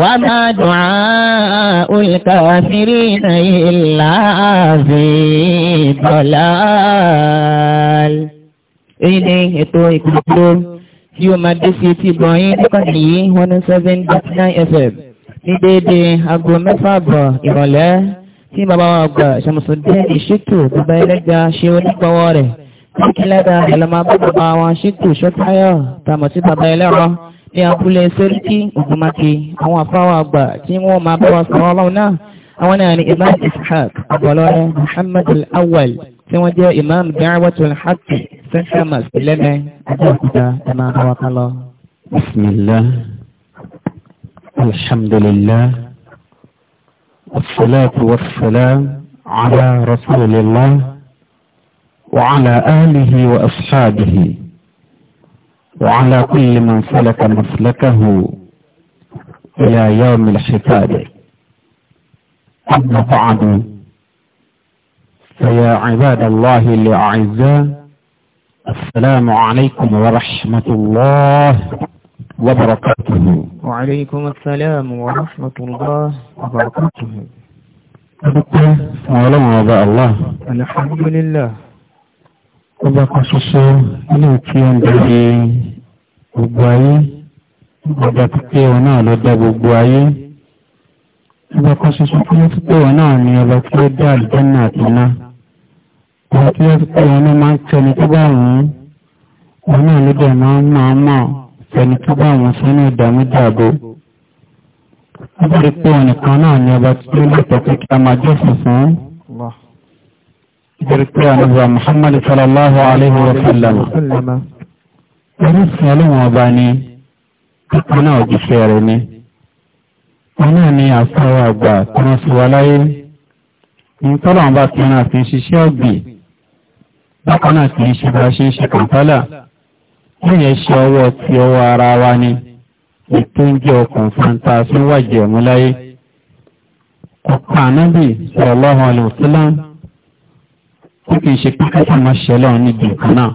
wà máa dùn á olùkàfírí náà ìlà àfi bọ̀lá. Èyí ni ètò ìkùnkùn tí ó máa dé sí ti bọ̀yìn níkànnì yìí 107.9 FM ní oh déédé aago mẹ́fà bọ̀ ìrọ̀lẹ́ tí bàbá wa gbà ṣàmùsùndé ìṣètò bàbá ẹlẹ́gbà ṣe onígbọ̀wọ́ rẹ̀. Ní kílẹ̀dà ẹlọ́mọ bàbá wa ṣètò ṣọ́táyọ̀ tàmọ̀ sí bàbá ẹlẹ́rọ ní abúlé sẹ́ríkì ògùnmáke àwọn àfáwà àgbà tí wọ́n máa bá wa sọ̀rọ̀ ọlọ́run náà àwọn náà ni imam ishaq abọ́lọ́rẹ́ muhammad al-awwal tí wọ́n jẹ́ imam da'watul haqq central mosque lẹ́mẹ́ abẹ́òkúta ẹ̀ máa bá wa ká وعلى كل من سلك مسلكه إلى يوم الحساب أما بعد فيا عباد الله الأعزاء السلام عليكم ورحمة الله وبركاته وعليكم السلام ورحمة الله وبركاته أبقى ولم الله الحمد لله ọba kan ṣoṣo ilé tí ó ń darí gbogbo ayé ọba pípé wọn náà ló dá gbogbo ayé ọba kan ṣoṣo tí ó pípé wọn náà ni ọba tí ó dá àlùjànnà àtúná ọba tí ó pípé wọn náà máa ń tẹni tó bá wù wọn náà ló dẹ̀ máa ń máa mọ̀ tẹni tó bá wù ú sínú ìdààmú dààbò ọba pípé wọn nìkan náà ni ọba tí lè tọ́ pé kí a máa jọ́sìn fún ìgbèrèpẹ́ ànúbà Muhammad sallallahu alaihi wa sallam orísun ọlọ́run ọba ni ọ̀nà òjíṣẹ́ rẹ̀ ni ọ̀nà ni àfáwà àgbà kan sí wa láyé nítọ́lọ̀n bá ti rán àti ṣiṣẹ́ ọ̀gbìn bákan náà kì í ṣe bá ṣe ń ṣe kàńtálà lẹ́yìn ẹṣẹ́ ọwọ́ ti ọwọ́ ara wa ni ètò ń jẹ́ ọkàn fanta fún wàjẹ̀ ọ̀múláyé ọ̀pá ànábì sallallahu alaihi wa sallam ó kì í ṣe pé káṣá máa ṣẹlẹ̀ ọ̀ níbi kan náà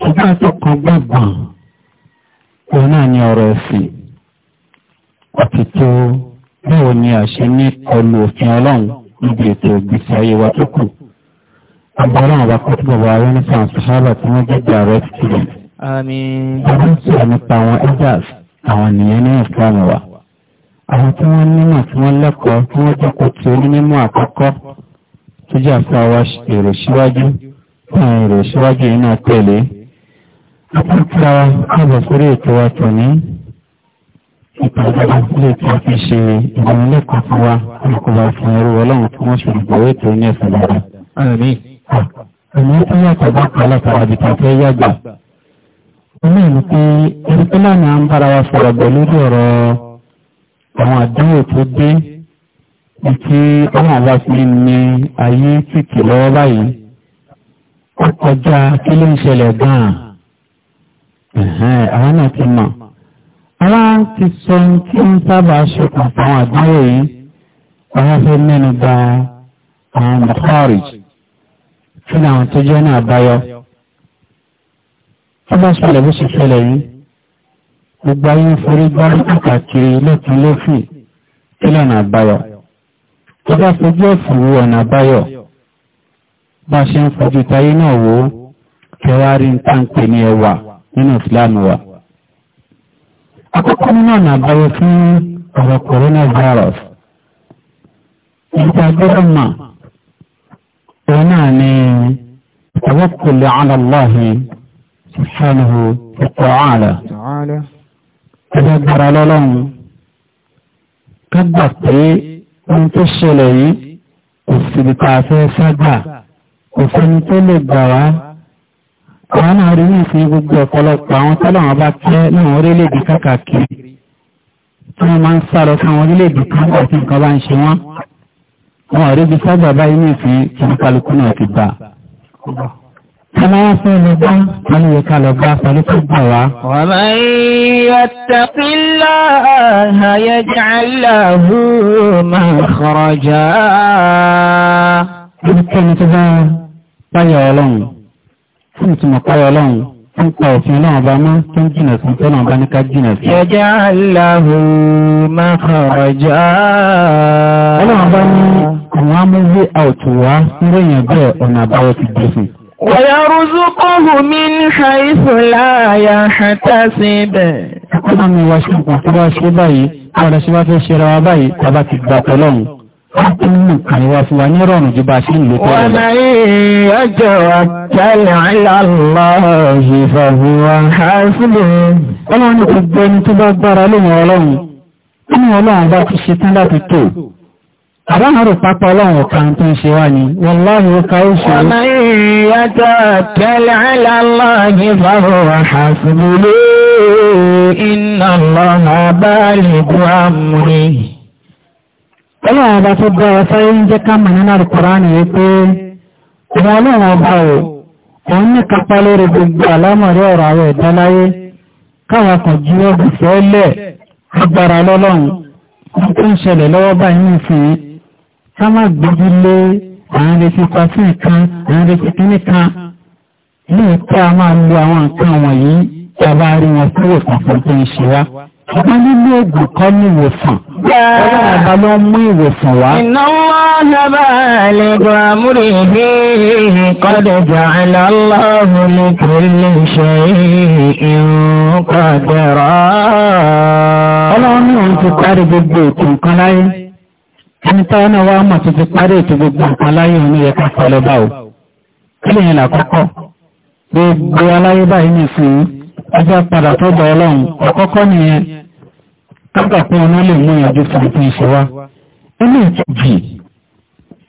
ṣùgbọ́n àti ọkàn gbàgbọ́n òun náà ní ọ̀rọ̀ ẹ̀sìn ọ̀tí tó báwo ni àṣẹ ní kọlu òfin ọlọ́run níbi ètò ìgbésí ayé wa tó kù agbára àwọn akọ́tí bàbá arẹ́nìfàn sàhábà tí wọ́n jẹ́ direct student. bàbá ń sọ̀rọ̀ nípa àwọn elders àwọn nìyẹn ní ìfọ̀mù wa àwọn tí wọ́n nímọ̀ tí wọ́n lẹ́kọ̀ọ́ tí wọ́n jẹ́ kó ti onímọ̀ àkọ́kọ́ tó jẹ́ àpá wa èrò síwájú táwọn èrò síwájú yìí náà tẹ̀lé apákíra wa káàbọ̀ sórí ètò wa tò ní ìpàdé ilé tí a fi ṣe ìdánilẹ́kọ̀ọ́ fún wa olùkọ́lá fún ẹrú ọlọ́run tí wọ́n ṣe ìgbọ̀wé ètò ní ẹ̀sìn dára. àmì tó yàtọ̀ bá kọ́ látara bìtà fẹ́ yàgbà. Ilé ìlú pé ẹni tó lánàá ń bára wa sọ̀rọ̀ pẹ̀lú ọ̀rọ̀ àwọn àdánwò tó dé ìtí ọmọ wa fi ní ayé títì lọ́wọ́ báyìí ó kọjá kí ló ń ṣẹlẹ̀ gan-an àwọn náà ti mọ̀ àwọn ti sọ tí ń sábà ṣokùnfà àwọn àdúgbò yìí àwọn fẹ́ mẹ́nu bà àwọn mọ̀kárìj kí ni àwọn tó jẹ́ náà báyọ̀ tó bá ṣẹlẹ̀ bó ṣe ṣẹlẹ̀ yìí gbogbo ayé forí gbárí kàkiri lọ́tún lófì kí lọ́nà àbáyọ̀ tó bá fojú ẹ̀sùn wo ọ̀nà àbáyọ̀ bá ṣe ń fojú tayé náà wò ó kẹwàárí ń tàǹpẹ̀ ní ẹwà nínú ìsìláàmù wa. Akọ́kọ́ nínú ọ̀nà àbáyọ fún ọ̀rọ̀ coronavirus. Ìta gbọ́dọ̀ mà, òun náà ni tawakkul ala Allah subhanahu wa ta'ala. Ẹgbẹ́ gbára lọ́lọ́run, ká gbà pé ohun tó ṣẹlẹ̀ yìí kò síbi ká fẹ́ ságbà kò sẹ́ni tó lè gbà wá àwọn náà rí ní ìsìn gbogbo ọ̀pọ̀lọpọ̀ àwọn tọ́lọ́wọ́n bá tẹ́ láwọn orílẹ̀-èdè káàkiri tí wọ́n máa ń sáré fún àwọn orílẹ̀-èdè kan àti nǹkan bá ń ṣe wọ́n wọn rí ibi sábà báyìí ní ìsìn tí náà ti gbà. Aláwọ̀ fẹ́ lọ bá, a ní ìka lọ bá pẹ̀lú tó gbà wá. Wa man yattaqillaha yaj'al lahu makhraja. Ẹnikẹ́ni tó bá páyọ̀ ọlọ́run, fún ìtumọ̀ páyọ̀ ọlọ́run, fún pa òfin náà bá mọ́ tó ń jìnà sí tó náà bá ní ká jìnà sí. Yaj'al lahu makhraja. Ọlọ́run bá ní àwọn amúgbé àwòtò wá ń ròyìn bẹ́ẹ̀ ọ̀nà àbáwọ̀ ti dé fún. ويرزقه مِنْ حَيْثُ لَا يَحْتَسِبُ Ọlọ́run ni wa ṣe kò tó bá ṣe báyìí, ọ̀rẹ́ ṣe bá fẹ́ ṣe ra wa báyìí, tàbá ti gbà tọ́lọ́run. Ọlọ́run àríwá fún wa ní rọrùn jù bá ṣe ìlú tọ́lọ́run. Wọ́n máa yìí Àbáhàrù pápá ọlọ́run ọ̀kan tó ń ṣe wá ni, wọ́n láàrin ó ká ó ṣe. Ọmọ ìyàtọ̀ tẹ́lẹ̀ aláàláàgí fàrọ̀ àṣìlúlé iná lọ́nà bá lè kú àmúrí. Ọlọ́run ọba tó bá ọ̀sá ń jẹ́ ká mọ̀ nínú al agbára lọ́lọ́run, ó ṣẹlẹ̀ lọ́wọ́ báyìí nìsìn ká má gbójú lé àwọn retí pàṣẹ kan àwọn kíní kan ní ìpá a máa lo àwọn nǹkan wọ̀nyí tí rí wọn fún ìwòsàn tó ń ṣe wá ọ̀pá nínú ògùn kọ́ ní ìwòsàn ọ̀rọ̀ àbá ló mú ìwòsàn wá. ìnáwó lábà lè gba múrí kọ́dọ̀ jà aláàlọ́hùn ní kìlì ṣe ìrún kọ́dọ̀ rọ́. ọlọ́run ní òun ti parí gbogbo ètò nǹkan láyé ẹni táwọn náà wá mọ̀ tó ti parí ètò gbogbo nǹkan láyé òní yẹ ká sọ lọ́ba o kí lè yẹn làkọ́kọ́ gbogbo aláyé báyìí ní ìsìn ọjọ́ padà tọ́jọ́ ọlọ́run àkọ́kọ́ nìyẹn kágbà pé ọ̀nà lè mú ìyànjú fún ìpín ìṣe wa ilé ìtìjì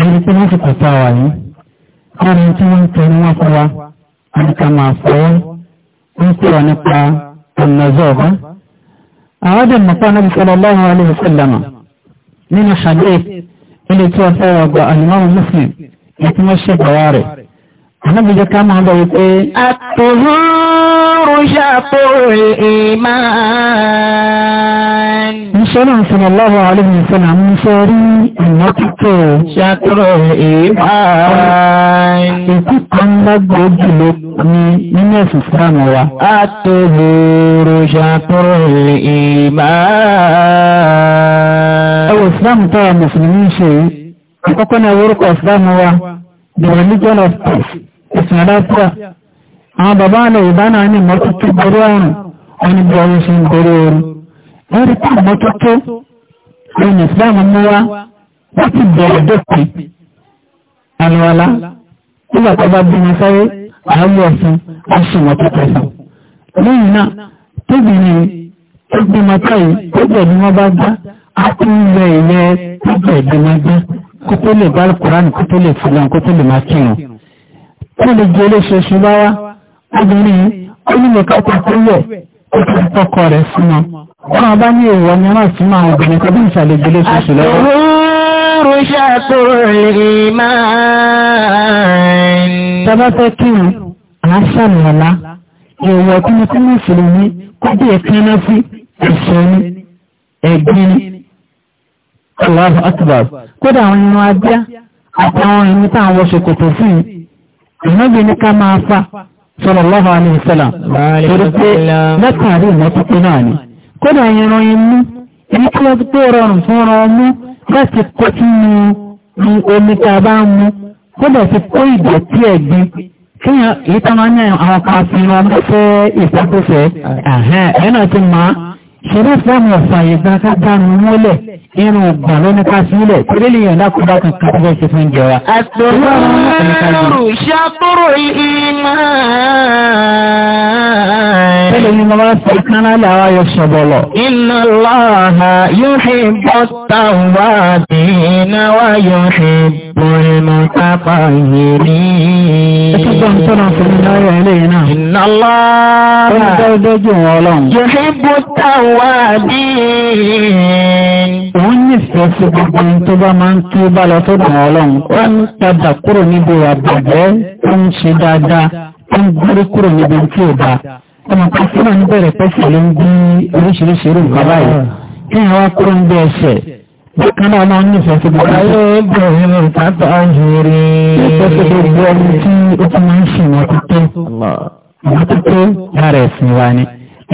ẹni tí wọ́n ti kọ̀ tá a wà yìí ọ̀run tí wọ́n ń tẹnu wọn fún wa àti ká máa fọwọ́ ń sọ̀rọ̀ nípa ọ̀nà zọ̀ọ̀bá àwọn dẹ̀ mọ̀pá náà bí sọ́lọ́ nínú hadith ilé tí wọ́n fẹ́ ọgbà alimọ́mù muslim ètí wọ́n ṣe gbọ́wà rẹ̀ alábìjọ ká máa bọ̀ wípé àtòhúrú ìsìláàmù tọ́wà mùsùlùmí ṣe yìí àkọ́kọ́ ní orúkọ ìsìláàmù wa the religion of peace ìsìn aláàpùra àwọn bàbá alẹ́ ìbánà ní mọ́tótó borí ọ̀rùn wọn bí ọrún ṣe ń borí ọrún lórí pé mọ́tótó lórí ìsìláàmù mú wa wọ́n ti bẹ̀rẹ̀ dópin àlùwàlá nígbà bí wọn sáré àáwọ̀ ọ̀sán ni ó a ti ń yọ ìyẹn tọ́jọ́ ìgbìmọ̀gbẹ́ kó tó lè bá kùránì kó tó lè fúnlọ́n kó tó lè máa kírun kó lè jẹ́ olóṣooṣù bá wá obìnrin ó nílò tó rẹ̀ fún wọn wọn tí mo tún ní kó bí ẹ̀kan sí ẹ̀ṣẹ̀ ní ẹ̀gbin Allahu Akbar. Kódà àwọn irun abíá àtàwọn ẹni tá àwọn ṣòkòtò sí ìnáwó ní ká máa fa sallallahu alaihi wasallam. Torí pé mẹ́tàrí ìmọ́tótó náà ni. Kódà irun imú, èyí tí wọ́n ti pé rọrùn fún ọrọ̀ ọmú láti kó sínú omi tá a bá ń mu. Kódà ti kó ìdọ̀tí ẹ̀gbin kíyàn èyí tá máa ń yàn àwọn kan fi irun ọmọ fẹ́ ìṣàkóso ẹ̀ ẹ̀nà ṣẹlẹ̀ fẹ́mù ọ̀fà ìgbà kágbàrún mọ́lẹ̀ irun ọgbà ló nípa sílẹ̀ torí lè yàn lákòóbá kan kan fẹ́ ṣe fún ìjọra. àtọ̀rọ̀ ṣàtọ̀rọ̀ ìmọ̀ ẹlòmí ma máa fi kánádà wá yọ ṣọ̀bọ̀lọ̀. Inna Allaha yuhibbu at-tawwabina wa yuhibbu al-mutatahhirin. Ẹ̀ṣọ́gbọ́n tó náà fún mi náà yọ eléyìí náà. Inna Allaha yuhibbu at-tawwabin. Òun nífẹ̀ẹ́ sí gbogbo tó bá máa ń kí bá lọ tó ọlọ́run. Ó ń padà kúrò níbi àbẹ̀bẹ́ tó ń ṣe dáadáa, tó ń gbórí kúrò níbi tí ọmọ pàṣẹ náà ń bẹ̀rẹ̀ pẹ́sẹ̀ ló ń bí oríṣiríṣi irú nǹkan báyìí kí ni àwọn kúrò ń bẹ ẹsẹ̀ bákan náà máa ń nífẹ̀ẹ́ sí gbogbo ayé bẹ̀rẹ̀ ní ìtàtà òhèrè ẹgbẹ́ tó gbogbo ọmọ tí ó ti máa ń ṣe ìwọ̀n tó tó ìwọ̀n tó tó lára ẹ̀sìn wa ni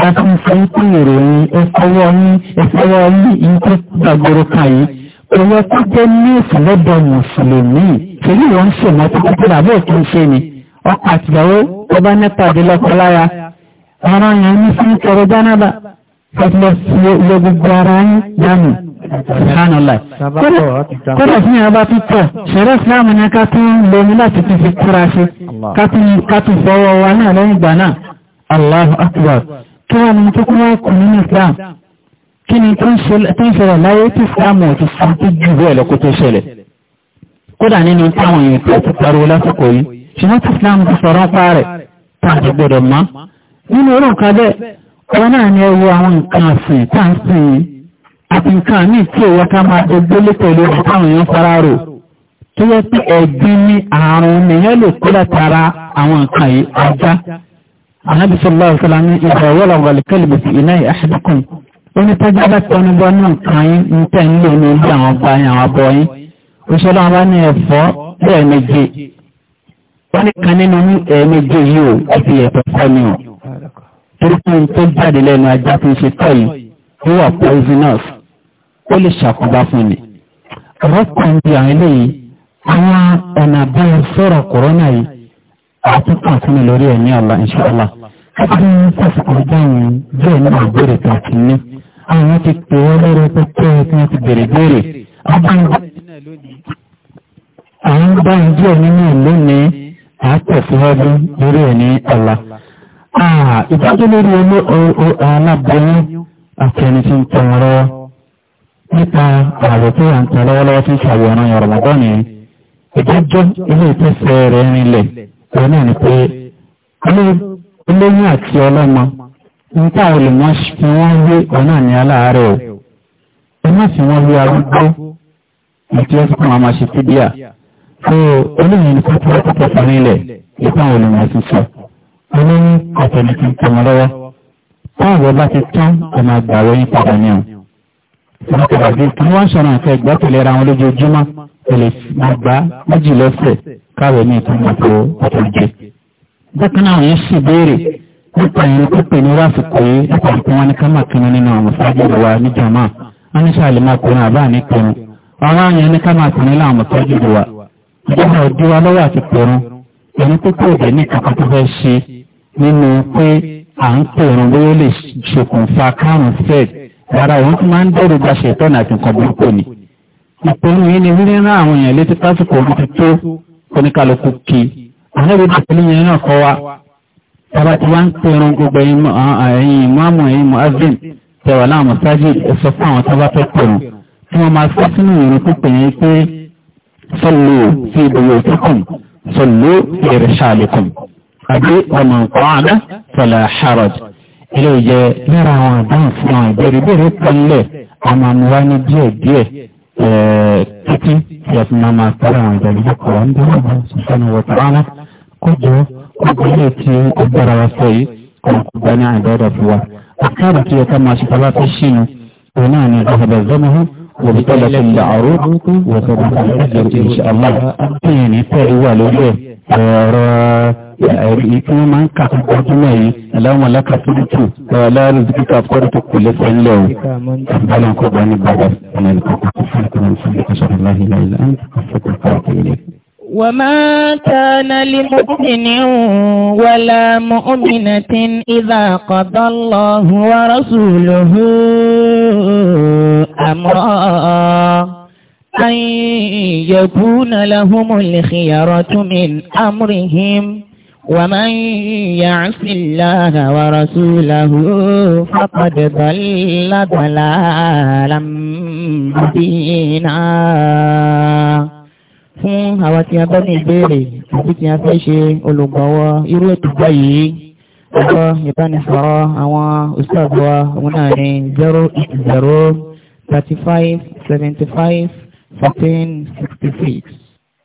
láti ń sọ pé ìròyìn ẹ̀fọwọ́ ní ẹ̀fọwọ́ ní ìtọ́ gbàgbọ́rọ̀ kan yìí owó tó jẹ́ ní ìfúnlẹ́dọ̀ mùsùlùmí pẹ̀lú ìwọ̀n ṣèmọ́tókótó àbẹ́ẹ̀kí ń ṣe ni ara yẹn ní sí kẹrẹ jánàbà fẹ́fẹ́ sí ilé gbogbo ara yín dánù subhanallah kódà sí yẹn bá tún tọ̀ ṣẹ̀rẹ́ ìsìláàmù ni ká tún lomi láti tún fi kúra ṣe ká tún fọwọ́ wa náà lẹ́yìn ìgbà náà allahu akbar kí wọ́n ní tó kúrò kù nínú islam kí ni tó ń ṣẹlẹ̀ láyé tí ìsìláàmù ọ̀tún fún tó jù bẹ́ẹ̀ lọ tó ṣẹlẹ̀ kódà nínú táwọn èèyàn tó ti pariwo lásìkò yìí ṣùgbọ́n tí ìsìláàmù ti sọ̀rọ̀ ń parẹ̀ tá gbọ́dọ̀ mọ́ nínú orí nǹkan bẹ́ẹ̀ ọwọ́ náà ni ẹwọ àwọn nǹkan àsìn tá ń sìn yìí àti nǹkan míì tí ìwọ ká máa dogbó lé pẹ̀lú àwọn èèyàn fara rò tó yẹ pé ẹ̀gbin ní àrùn nìyẹn lè kó látara àwọn nǹkan yìí ajá Ànábì sallallahu alaihi wasallam ní ìgbà wọlọ wọlé kẹlẹbù sí iná yìí ahadakum ní tọjá nǹkan yín ń tẹ torípé tó jáde lẹ́nu ajá tó ń ṣe tọ́ yìí ó wà poisonous ó lè ṣàkóbá fún ni. ọ̀rọ̀ kan bí àwọn eléyìí àwọn ọ̀nà bíi sọ̀rọ̀ kòrónà yìí àti kan fún mi lórí ẹ̀mí ọ̀la ìṣọ̀lá. káfíńtì ń sàfikún dáhùn bẹ́ẹ̀ ní ìbéèrè tó ti ní. àwọn ti pè é lọ́rọ̀ tó pé wọ́n ti bèrè béèrè. àwọn bá ń díẹ̀ nínú ìlú ní àtẹ̀síwájú lórí ẹ̀mí ọ̀la. Ah, ìtọ́jú lórí aláboyún àti ẹni tí ń tàn rọ nípa ààrẹ tó ń tàn lọ́wọ́lọ́wọ́ tí ń ṣàwòrán ọ̀rọ̀mọ́gbọ́n ni ìdájọ́ ilé ìtẹ́sẹ̀ rẹ̀ rinlẹ̀ rẹ̀ náà ni pé olóyún àti ọlọ́mọ ń tà olùmọ́ fi wọ́n wé ọ̀nà ní aláàárẹ̀ o ẹ̀mọ́ sì wọ́n wé arúgbó àti ẹ̀sùn àwọn amáṣe fídíà fún olóyún ní pátákó pọ̀ fún ilẹ̀ ìtàn olùmọ́ mo ní àtẹ̀lẹ̀ kí n tẹ̀ wọ́n lọ́wọ́ táwọn bá ti tán ọmọ àgbà rẹ̀ yí padà ní ọ̀ látàrí kí wọ́n ṣọ̀nà àti ẹgbẹ́ tẹ̀lera wọn lójoojúmọ́ èlè àgbà méjì lọ́sẹ̀ káwẹ̀ ní ìtàn àpò àtẹ̀jẹ́. bákan náà yẹn sì béèrè nípa ìrìn pípé ní wáṣíkò yìí nípa ìpín wọn ní kámà kínní nínú àwọn sáájú wa ní jàmáà wọn ní sàlẹ̀ máa kọrin àbá ní kọrin àwọn àyàn ní kámà kínní láwọn mọ̀tọ́jú wa ìjọba òdi lọ́wọ́ àti kọrin ẹni pípé òde ní kankan fẹ́ ṣe nínú pé à ń pè wọn bóyá ó lè ṣokùnfà kárùn fed rárá òun tó máa ń dẹ́rù gba ṣètọ́nà àti nǹkan burúkú ni. ìpinnu yìí ni rírán àwọn èèyàn létí pásítọ̀ orí ti tó oníkàlùkù kí àlẹ́bí ìpínlẹ̀ yẹn náà kọ́ wa tàbá tí wọ́n ń pè wọn gbogbo ẹ̀yìn ìmọ̀ọ́mù ẹ̀yìn muazzin tẹ̀wọ̀ náà mọ̀sájì ẹ̀sọ́ fún àwọn tàbá tó pè wọn tí wọ́n máa sọ sínú ìrìn pípẹ̀ yẹn pé sọ́lù sí ìbòyè òtúkùn sọ́lù ìrẹ̀ṣàlẹ̀kùn àbí ọmọ nǹkan àná tẹ̀lé harrod ilé ìjẹ lára àwọn àdáhùn fún àwọn ìbéèrè béèrè pọ̀nlẹ̀ àmọ́ àmì wá ní díẹ̀ díẹ̀ eh, títí tí a fi máa máa tẹ́lẹ̀ àwọn ìdàgbàsókè kọ̀ọ̀ ń dáhùn bá sùfẹ́ni wọ̀tá àná kójọ kójọ ilé tí ó gbára wa sọ yìí kọ̀ọ̀ kó gbá ní fún wa. àkáàrà tí ó máa ṣùpá láti ṣìnú òun náà ni ọ̀sẹ̀ bẹ̀rẹ̀ وبطلب وصدق الأجر إن شاء الله أعطيني فعل ولو ọ̀rọ̀ ìkí wọ́n máa ń kà fún ọdún náà yìí aláwọn aláka fúrútù aláàrùn dìkítà fúrútù kò lẹ́sẹ̀ ńlẹ̀ o àbálẹ̀ kò bá ní bàbá ọ̀nà ìkọ̀kọ̀ fún ìkọ̀kọ̀ fún ìkọ̀sọ̀rọ̀ láhìí أن يكون لهم الخيرة من أمرهم ومن يعص الله ورسوله فقد ضل ضلالا مبينا fún àwọn tí a bá ní ìbéèrè àti tí a fẹ́ ṣe olùgbọ̀wọ́ irú ètò báyìí ọ̀pọ̀ ìbánisọ̀rọ̀ àwọn òṣìṣẹ́ àgbọ̀ òun náà ní 080 35 75 1466